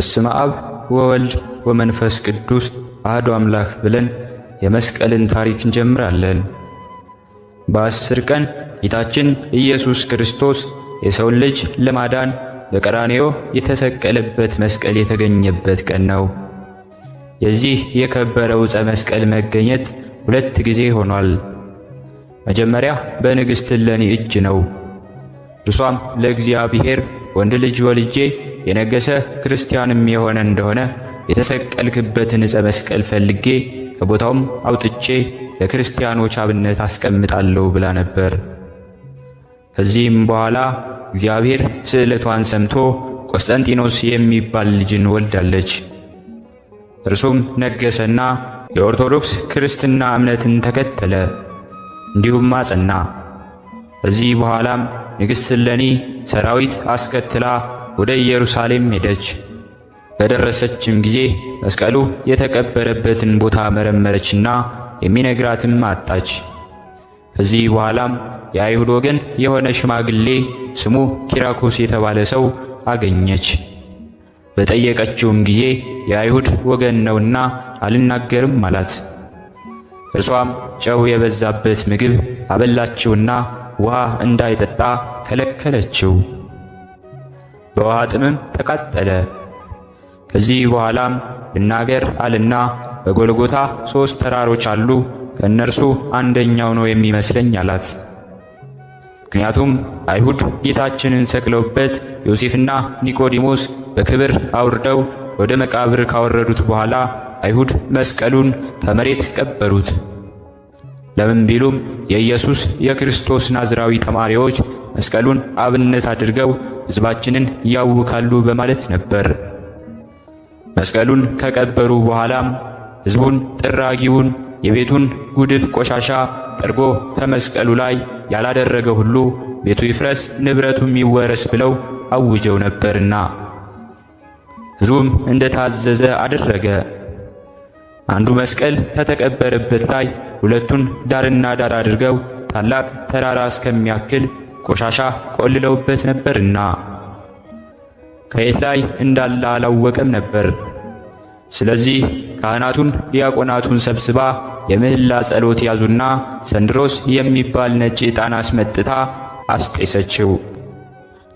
በስመ አብ ወወልድ ወመንፈስ ቅዱስ አህዶ አምላክ ብለን የመስቀልን ታሪክ እንጀምራለን። በአስር ቀን ጌታችን ኢየሱስ ክርስቶስ የሰውን ልጅ ለማዳን በቀራንዮ የተሰቀለበት መስቀል የተገኘበት ቀን ነው። የዚህ የከበረ ዕፀ መስቀል መገኘት ሁለት ጊዜ ሆኗል። መጀመሪያ በንግሥት እሌኒ እጅ ነው። እርሷም ለእግዚአብሔር ወንድ ልጅ ወልጄ የነገሰ ክርስቲያንም የሆነ እንደሆነ የተሰቀልክበትን ዕፀ መስቀል ፈልጌ ከቦታውም አውጥቼ ለክርስቲያኖች አብነት አስቀምጣለሁ ብላ ነበር። ከዚህም በኋላ እግዚአብሔር ስዕለቷን ሰምቶ ቆስጠንጢኖስ የሚባል ልጅን ወልዳለች። እርሱም ነገሰና የኦርቶዶክስ ክርስትና እምነትን ተከተለ፣ እንዲሁም አጸና። ከዚህ በኋላም ንግሥት እሌኒ ሰራዊት አስከትላ ወደ ኢየሩሳሌም ሄደች። በደረሰችም ጊዜ መስቀሉ የተቀበረበትን ቦታ መረመረችና የሚነግራትም አጣች። ከዚህ በኋላም የአይሁድ ወገን የሆነ ሽማግሌ ስሙ ኪራኮስ የተባለ ሰው አገኘች። በጠየቀችውም ጊዜ የአይሁድ ወገን ነውና አልናገርም አላት። እርሷም ጨው የበዛበት ምግብ አበላችውና ውሃ እንዳይጠጣ ከለከለችው። በውሃ ጥምም ተቃጠለ። ከዚህ በኋላም ብናገር አልና በጎልጎታ ሦስት ተራሮች አሉ፣ ከእነርሱ አንደኛው ነው የሚመስለኝ አላት። ምክንያቱም አይሁድ ጌታችንን ሰቅለውበት ዮሴፍና ኒቆዲሞስ በክብር አውርደው ወደ መቃብር ካወረዱት በኋላ አይሁድ መስቀሉን ከመሬት ቀበሩት። ለምን ቢሉም የኢየሱስ የክርስቶስ ናዝራዊ ተማሪዎች መስቀሉን አብነት አድርገው ሕዝባችንን ያውካሉ በማለት ነበር። መስቀሉን ከቀበሩ በኋላም ሕዝቡን ጥራጊውን፣ የቤቱን ጉድፍ ቆሻሻ ጠርጎ ከመስቀሉ ላይ ያላደረገ ሁሉ ቤቱ ይፍረስ፣ ንብረቱም ይወረስ ብለው አውጀው ነበርና ሕዝቡም እንደታዘዘ አደረገ። አንዱ መስቀል ከተቀበረበት ላይ ሁለቱን ዳርና ዳር አድርገው ታላቅ ተራራ እስከሚያክል ቆሻሻ ቆልለውበት ነበርና ከየት ላይ እንዳለ አላወቀም ነበር። ስለዚህ ካህናቱን ዲያቆናቱን ሰብስባ የምህላ ጸሎት ያዙና ሰንድሮስ የሚባል ነጭ ዕጣን አስመጥታ አስጤሰችው።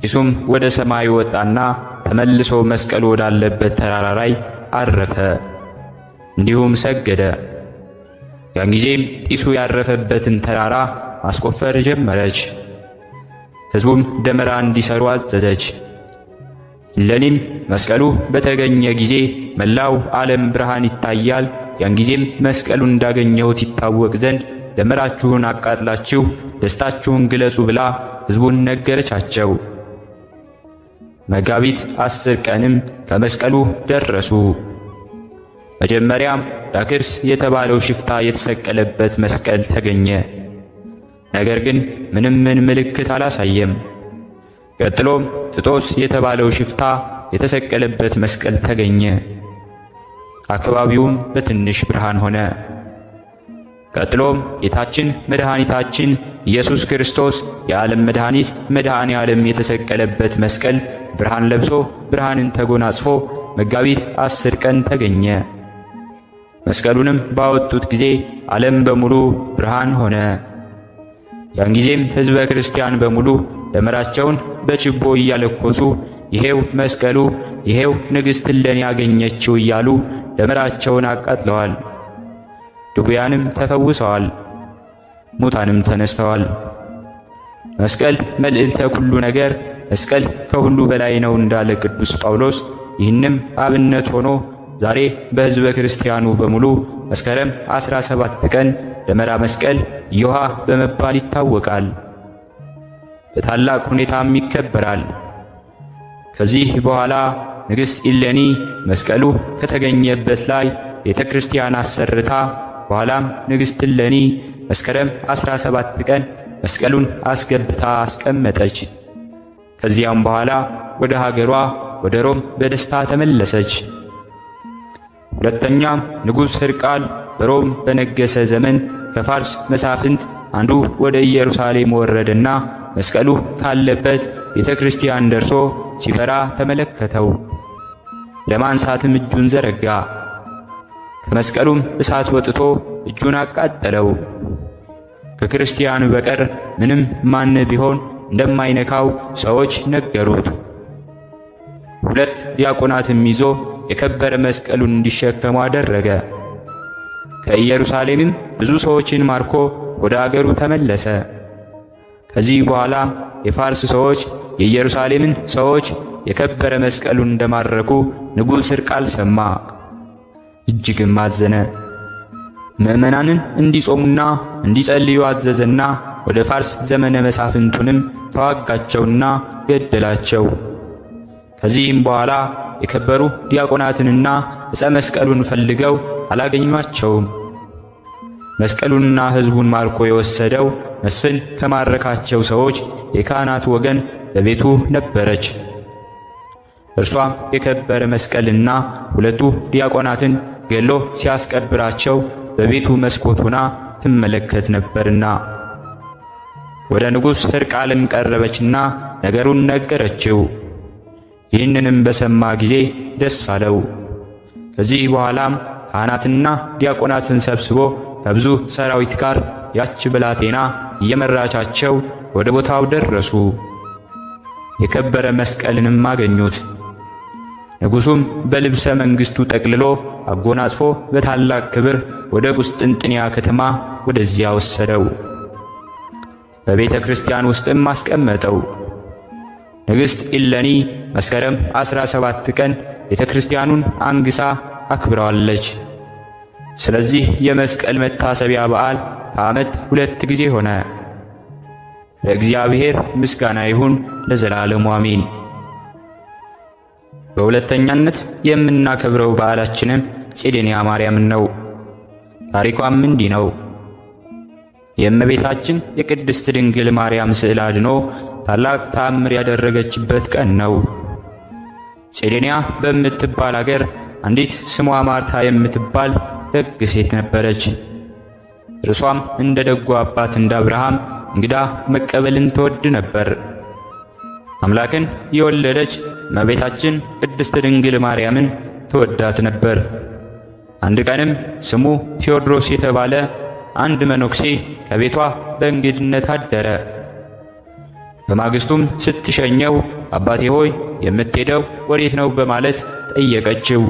ጢሱም ወደ ሰማይ ወጣና ተመልሶ መስቀል ወዳለበት ተራራ ላይ አረፈ። እንዲሁም ሰገደ። ያን ጊዜም ጢሱ ያረፈበትን ተራራ ማስቆፈር ጀመረች። ሕዝቡም ደመራ እንዲሰሩ አዘዘች። ለኔም መስቀሉ በተገኘ ጊዜ መላው ዓለም ብርሃን ይታያል። ያን ጊዜም መስቀሉ እንዳገኘሁት ይታወቅ ዘንድ ደመራችሁን አቃጥላችሁ ደስታችሁን ግለጹ ብላ ሕዝቡን ነገረቻቸው። መጋቢት አስር ቀንም ከመስቀሉ ደረሱ። መጀመሪያም ዳክርስ የተባለው ሽፍታ የተሰቀለበት መስቀል ተገኘ። ነገር ግን ምንም ምን ምልክት አላሳየም። ቀጥሎም ጥጦስ የተባለው ሽፍታ የተሰቀለበት መስቀል ተገኘ። አካባቢውም በትንሽ ብርሃን ሆነ። ቀጥሎም ጌታችን መድኃኒታችን ኢየሱስ ክርስቶስ የዓለም መድኃኒት መድኃኔ ዓለም የተሰቀለበት መስቀል ብርሃን ለብሶ ብርሃንን ተጎናጽፎ መጋቢት አስር ቀን ተገኘ። መስቀሉንም ባወጡት ጊዜ ዓለም በሙሉ ብርሃን ሆነ። ያን ጊዜም ሕዝበ ክርስቲያን በሙሉ ደመራቸውን በችቦ እያለኮሱ ይሄው መስቀሉ፣ ይሄው ንግሥት ለኔ ያገኘችው እያሉ ደመራቸውን አቃጥለዋል። ድውያንም ተፈውሰዋል፣ ሙታንም ተነስተዋል። መስቀል መልዕልተ ሁሉ ነገር፣ መስቀል ከሁሉ በላይ ነው እንዳለ ቅዱስ ጳውሎስ ይህንም አብነት ሆኖ ዛሬ በሕዝበ ክርስቲያኑ በሙሉ መስከረም 17 ቀን ደመራ መስቀል ዮሐ በመባል ይታወቃል። በታላቅ ሁኔታም ይከበራል። ከዚህ በኋላ ንግሥት ኢሌኒ መስቀሉ ከተገኘበት ላይ ቤተ ክርስቲያን አሰርታ በኋላም ንግሥት ኢሌኒ መስከረም 17 ቀን መስቀሉን አስገብታ አስቀመጠች። ከዚያም በኋላ ወደ ሀገሯ ወደ ሮም በደስታ ተመለሰች። ሁለተኛ ንጉሥ ሕርቃል በሮም በነገሰ ዘመን ከፋርስ መሳፍንት አንዱ ወደ ኢየሩሳሌም ወረደና መስቀሉ ካለበት ቤተ ክርስቲያን ደርሶ ሲፈራ ተመለከተው። ለማንሳትም እጁን ዘረጋ። ከመስቀሉም እሳት ወጥቶ እጁን አቃጠለው። ከክርስቲያኑ በቀር ምንም ማን ቢሆን እንደማይነካው ሰዎች ነገሩት። ሁለት ዲያቆናትም ይዞ የከበረ መስቀሉን እንዲሸከሙ አደረገ። ከኢየሩሳሌምም ብዙ ሰዎችን ማርኮ ወደ አገሩ ተመለሰ። ከዚህ በኋላ የፋርስ ሰዎች የኢየሩሳሌምን ሰዎች የከበረ መስቀሉን እንደማረኩ ንጉሥ ሥርቃል ሰማ፣ እጅግም አዘነ። ምዕመናንን እንዲጾሙና እንዲጸልዩ አዘዘና ወደ ፋርስ ዘመነ መሳፍንቱንም ተዋጋቸውና ገደላቸው። ከዚህም በኋላ የከበሩ ዲያቆናትንና ዕፀ መስቀሉን ፈልገው አላገኟቸውም። መስቀሉንና ሕዝቡን ማርኮ የወሰደው መስፍን ከማረካቸው ሰዎች የካህናት ወገን በቤቱ ነበረች። እርሷም የከበረ መስቀልና ሁለቱ ዲያቆናትን ገሎ ሲያስቀብራቸው በቤቱ መስኮት ሆና ትመለከት ነበርና ወደ ንጉሥ ሕርቃልም ቀረበችና ነገሩን ነገረችው። ይህንንም በሰማ ጊዜ ደስ አለው። ከዚህ በኋላም ካህናትና ዲያቆናትን ሰብስቦ ከብዙ ሰራዊት ጋር ያች ብላቴና እየመራቻቸው ወደ ቦታው ደረሱ። የከበረ መስቀልንም አገኙት። ንጉሡም በልብሰ መንግሥቱ ጠቅልሎ አጎናጽፎ በታላቅ ክብር ወደ ቁስጥንጥንያ ከተማ ወደዚያ ወሰደው፣ በቤተ ክርስቲያን ውስጥም አስቀመጠው። ንግሥት ኢለኒ መስከረም 17 ቀን ቤተ ክርስቲያኑን አንግሳ አክብረዋለች። ስለዚህ የመስቀል መታሰቢያ በዓል ከዓመት ሁለት ጊዜ ሆነ። ለእግዚአብሔር ምስጋና ይሁን ለዘላለሙ አሜን። በሁለተኛነት የምናከብረው በዓላችንም ጼዴንያ ማርያምን ነው። ታሪኳም እንዲህ ነው። የእመቤታችን የቅድስት ድንግል ማርያም ስዕል አድኖ ታላቅ ተአምር ያደረገችበት ቀን ነው። ሴሌንያ በምትባል አገር አንዲት ስሟ ማርታ የምትባል ደግ ሴት ነበረች። እርሷም እንደ ደጉ አባት እንደ አብርሃም እንግዳ መቀበልን ትወድ ነበር። አምላክን የወለደች እመቤታችን ቅድስት ድንግል ማርያምን ትወዳት ነበር። አንድ ቀንም ስሙ ቴዎድሮስ የተባለ አንድ መነኩሴ ከቤቷ በእንግድነት አደረ። በማግስቱም ስትሸኘው አባቴ ሆይ የምትሄደው ወዴት ነው በማለት ጠየቀችው።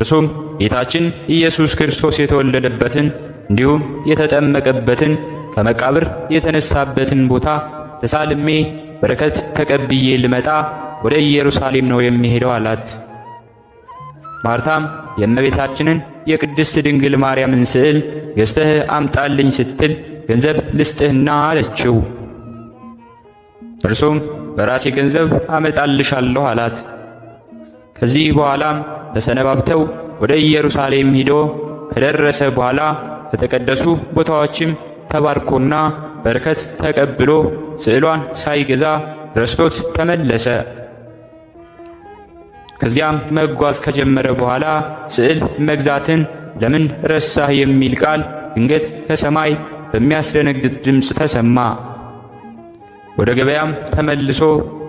እርሱም ጌታችን ኢየሱስ ክርስቶስ የተወለደበትን እንዲሁም የተጠመቀበትን ከመቃብር የተነሳበትን ቦታ ተሳልሜ በረከት ተቀብዬ ልመጣ ወደ ኢየሩሳሌም ነው የሚሄደው አላት። ማርታም የእመቤታችንን የቅድስት ድንግል ማርያምን ስዕል ገዝተህ አምጣልኝ ስትል ገንዘብ ልስጥህና አለችው። እርሱም በራሴ ገንዘብ አመጣልሻለሁ አላት። ከዚህ በኋላም ተሰነባብተው ወደ ኢየሩሳሌም ሂዶ ከደረሰ በኋላ ከተቀደሱ ቦታዎችም ተባርኮና በረከት ተቀብሎ ስዕሏን ሳይገዛ ረስቶት ተመለሰ። ከዚያም መጓዝ ከጀመረ በኋላ ስዕል መግዛትን ለምን ረሳህ የሚል ቃል ድንገት ከሰማይ በሚያስደነግጥ ድምፅ ተሰማ። ወደ ገበያም ተመልሶ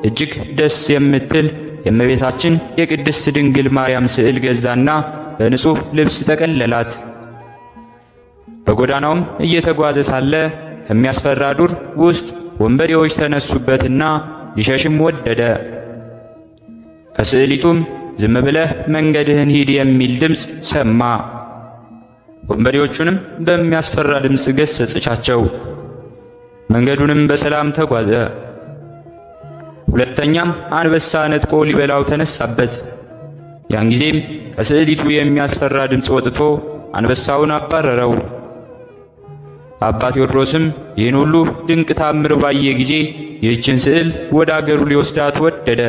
እጅግ ደስ የምትል የእመቤታችን የቅድስት ድንግል ማርያም ስዕል ገዛና በንጹሕ ልብስ ጠቀለላት። በጎዳናውም እየተጓዘ ሳለ ከሚያስፈራ ዱር ውስጥ ወንበዴዎች ተነሱበትና ሊሸሽም ወደደ። ከስዕሊቱም ዝም ብለህ መንገድህን ሂድ የሚል ድምፅ ሰማ። ወንበዴዎቹንም በሚያስፈራ ድምፅ ገሰጸቻቸው። መንገዱንም በሰላም ተጓዘ። ሁለተኛም አንበሳ ነጥቆ ሊበላው ተነሳበት። ያን ጊዜም ከስዕሊቱ የሚያስፈራ ድምፅ ወጥቶ አንበሳውን አባረረው። አባ ቴዎድሮስም ይህን ሁሉ ድንቅ ታምር ባየ ጊዜ ይህችን ስዕል ወደ አገሩ ሊወስዳት ወደደ።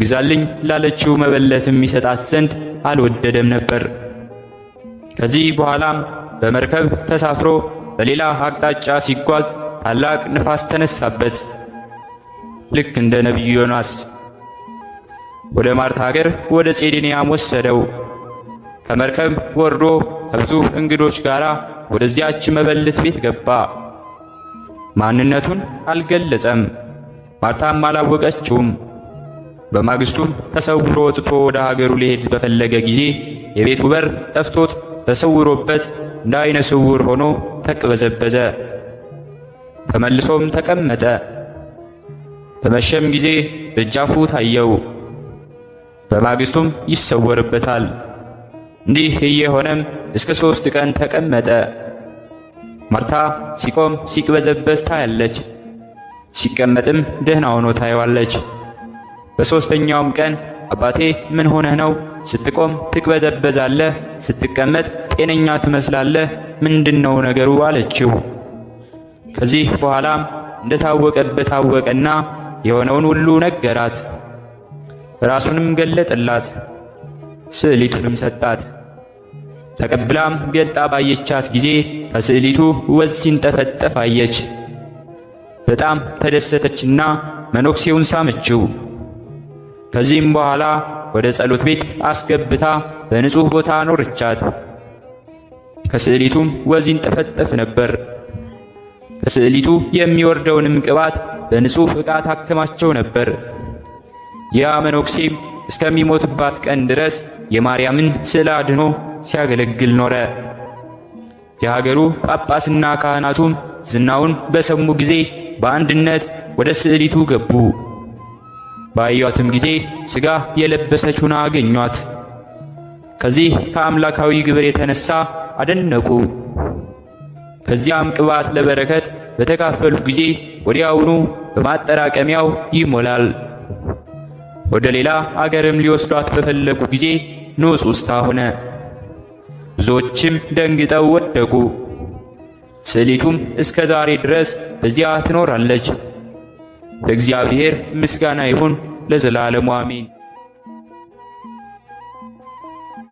ግዛልኝ ላለችው መበለት የሚሰጣት ዘንድ አልወደደም ነበር። ከዚህ በኋላም በመርከብ ተሳፍሮ በሌላ አቅጣጫ ሲጓዝ ታላቅ ንፋስ ተነሳበት። ልክ እንደ ነቢዩ ዮናስ ወደ ማርታ አገር ወደ ጼዴንያም ወሰደው። ከመርከብ ወርዶ ከብዙ እንግዶች ጋር ወደዚያች መበለት ቤት ገባ። ማንነቱን አልገለጸም፣ ማርታም አላወቀችውም። በማግስቱም ተሰውሮ ወጥቶ ወደ ሀገሩ ሊሄድ በፈለገ ጊዜ የቤቱ በር ጠፍቶት ተሰውሮበት እንደ ዓይነ ስውር ሆኖ ተቅበዘበዘ። ተመልሶም ተቀመጠ። በመሸም ጊዜ ደጃፉ ታየው። በማግስቱም ይሰወርበታል። እንዲህ እየሆነም እስከ ሦስት ቀን ተቀመጠ። ማርታ ሲቆም ሲቅበዘበዝ ታያለች፣ ሲቀመጥም ደህና ሆኖ ታየዋለች። በሦስተኛውም ቀን አባቴ ምን ሆነህ ነው? ስትቆም ትቅበዘበዛለህ፣ ስትቀመጥ ጤነኛ ትመስላለህ። ምንድነው ነገሩ አለችው። ከዚህ በኋላም እንደታወቀበት ታወቀና የሆነውን ሁሉ ነገራት። ራሱንም ገለጠላት፣ ስዕሊቱንም ሰጣት። ተቀብላም ገልጣ ባየቻት ጊዜ ከስዕሊቱ ወዝ ሲንጠፈጠፍ አየች። በጣም ተደሰተችና መነኩሴውን ሳመችው። ከዚህም በኋላ ወደ ጸሎት ቤት አስገብታ በንጹሕ ቦታ አኖረቻት። ከስዕሊቱም ወዚን ይንጠፈጠፍ ነበር። ከስዕሊቱ የሚወርደውንም ቅባት በንጹሕ ዕቃ ታከማቸው ነበር። ያ መነኩሴም እስከሚሞትባት ቀን ድረስ የማርያምን ስዕል አድኖ ሲያገለግል ኖረ። የሀገሩ ጳጳስና ካህናቱም ዝናውን በሰሙ ጊዜ በአንድነት ወደ ስዕሊቱ ገቡ። ባዩአትም ጊዜ ሥጋ የለበሰች ሆና አገኟት። ከዚህ ከአምላካዊ ግብር የተነሳ አደነቁ። ከዚያም ቅባት ለበረከት በተካፈሉ ጊዜ ወዲያውኑ በማጠራቀሚያው ይሞላል። ወደ ሌላ አገርም ሊወስዷት በፈለጉ ጊዜ ንዑስ ሆነ። ብዙዎችም ደንግጠው ወደቁ። ስዕሊቱም እስከ ዛሬ ድረስ በዚያ ትኖራለች። ለእግዚአብሔር ምስጋና ይሁን ለዘላለሙ አሜን።